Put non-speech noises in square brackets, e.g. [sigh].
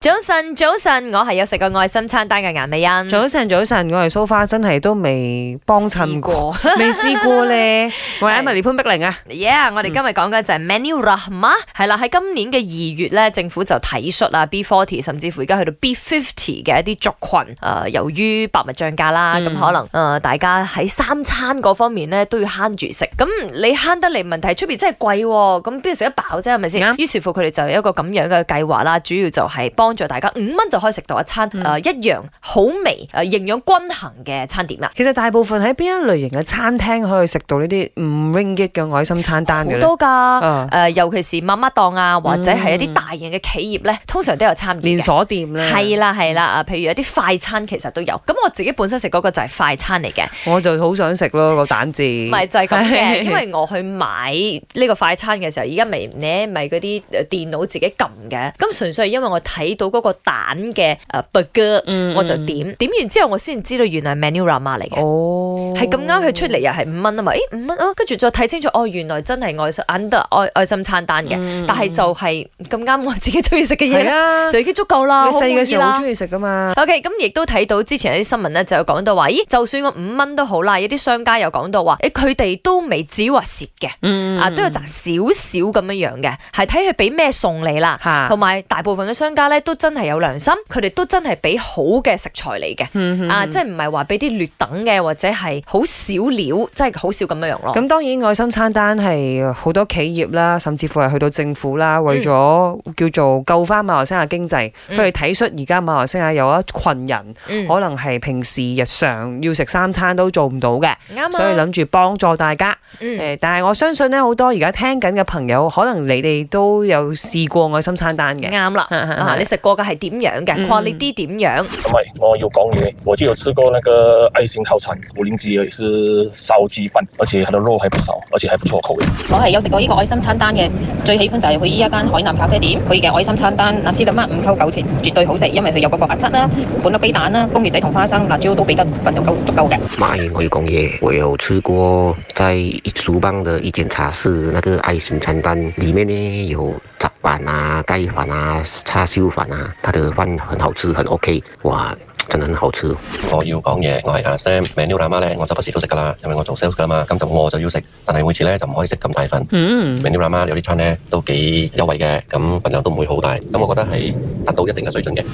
早晨，早晨，我係有食過愛心餐單嘅顏美欣。早晨，早晨，我係蘇花，真係都未幫襯過，未試過咧。 [laughs] 我係 Emily 潘碧玲啊，Yeah，我哋今日講嘅就係 menu、嗯、啦，係啦，喺今年嘅二月咧，政府就體恤啊 B forty，甚至乎而家去到 B fifty 嘅一啲族群，誒、呃，由於百物漲價啦，咁、嗯、可能誒、呃、大家喺三餐嗰方面咧都要慳住食。咁你慳得嚟，問題，出邊真係貴、啊，咁邊度食得飽啫、啊？係咪先？Yeah. 於是乎，佢哋就有一個咁樣嘅計劃啦，主要就係幫。幫助大家五蚊就可以食到一餐誒、嗯呃、一樣好味誒、呃、營養均衡嘅餐點啦。其實大部分喺邊一類型嘅餐廳可以食到呢啲唔 Ringgit 嘅愛心餐單嘅？好多㗎誒、哦呃，尤其是媽媽檔啊，或者係一啲大型嘅企業咧、嗯，通常都有餐點嘅。連鎖店呢，係啦，係啦係啦啊，譬如一啲快餐其實都有。咁我自己本身食嗰個就係快餐嚟嘅，我就好想食咯個蛋字。唔係就係咁嘅， [laughs] 因為我去買呢個快餐嘅時候，而家未，呢咪嗰啲電腦自己撳嘅，咁純粹係因為我睇。到嗰個蛋嘅誒、uh, burger，嗯嗯我就點點完之後，我先知道原來 Menu Rahmah 嚟嘅，係咁啱佢出嚟又係五蚊啊嘛！誒五蚊，跟住、啊、再睇清楚，哦原來真係愛心 under，愛愛心餐單嘅，嗯嗯但係就係咁啱我自己中意食嘅嘢啦，就已經足夠啦。細個時好中意食噶嘛。嗯、OK，咁亦都睇到之前有啲新聞咧，就有講到話，咦就算我五蚊都好啦，有啲商家又講到話，誒佢哋都未至於話蝕嘅，嗯嗯啊都要賺少少咁樣樣嘅，係睇佢俾咩送你啦，同埋大部分嘅商家咧。都真係有良心，佢哋都真係俾好嘅食材嚟嘅， [laughs] 啊，即係唔係話俾啲劣等嘅或者係好少料，即係好少咁樣咯。咁當然愛心餐單係好多企業啦，甚至乎係去到政府啦，為咗叫做救翻馬來西亞經濟，佢哋體恤而家馬來西亞有一群人，嗯、可能係平時日常要食三餐都做唔到嘅。啊、所以諗住幫助大家，誒、嗯，但係我相信咧，好多而家聽緊嘅朋友，可能你哋都有試過愛心餐單嘅。啱啦、啊啊啊啊，你食過嘅係點樣嘅？話、嗯、你啲點樣？唔係，我要講嘢，我就有食過那個愛心套餐，五零雞是燒雞飯，而且喺度撈係不少，而且係不錯口味。我係有食過呢個愛心餐單嘅，最喜歡就係去呢一間海南咖啡店，佢嘅愛心餐單，那絲咁啊，五扣九錢，絕對好食，因為佢有嗰個鴨汁啦、本粒雞蛋啦、公魚仔同花生、辣椒都俾得份到夠足夠嘅。MY，我要講嘢。我有吃過，在書辦的一間茶室，那個愛心餐單裏面呢，有雜飯啊、雞飯啊、叉燒飯啊，它的飯很好吃，很 OK，哇，真係很好吃。 [noise] 我要講嘢，我係阿 Sam，m 明妞阿媽呢，我就不時都食噶啦，因為我做 sales 噶啦嘛，咁就餓就要食，但係每次呢，就唔可以食咁大份。嗯，明妞阿媽有啲餐呢，都幾優惠嘅，咁份量都唔會好大，咁我覺得係達到一定嘅水準嘅。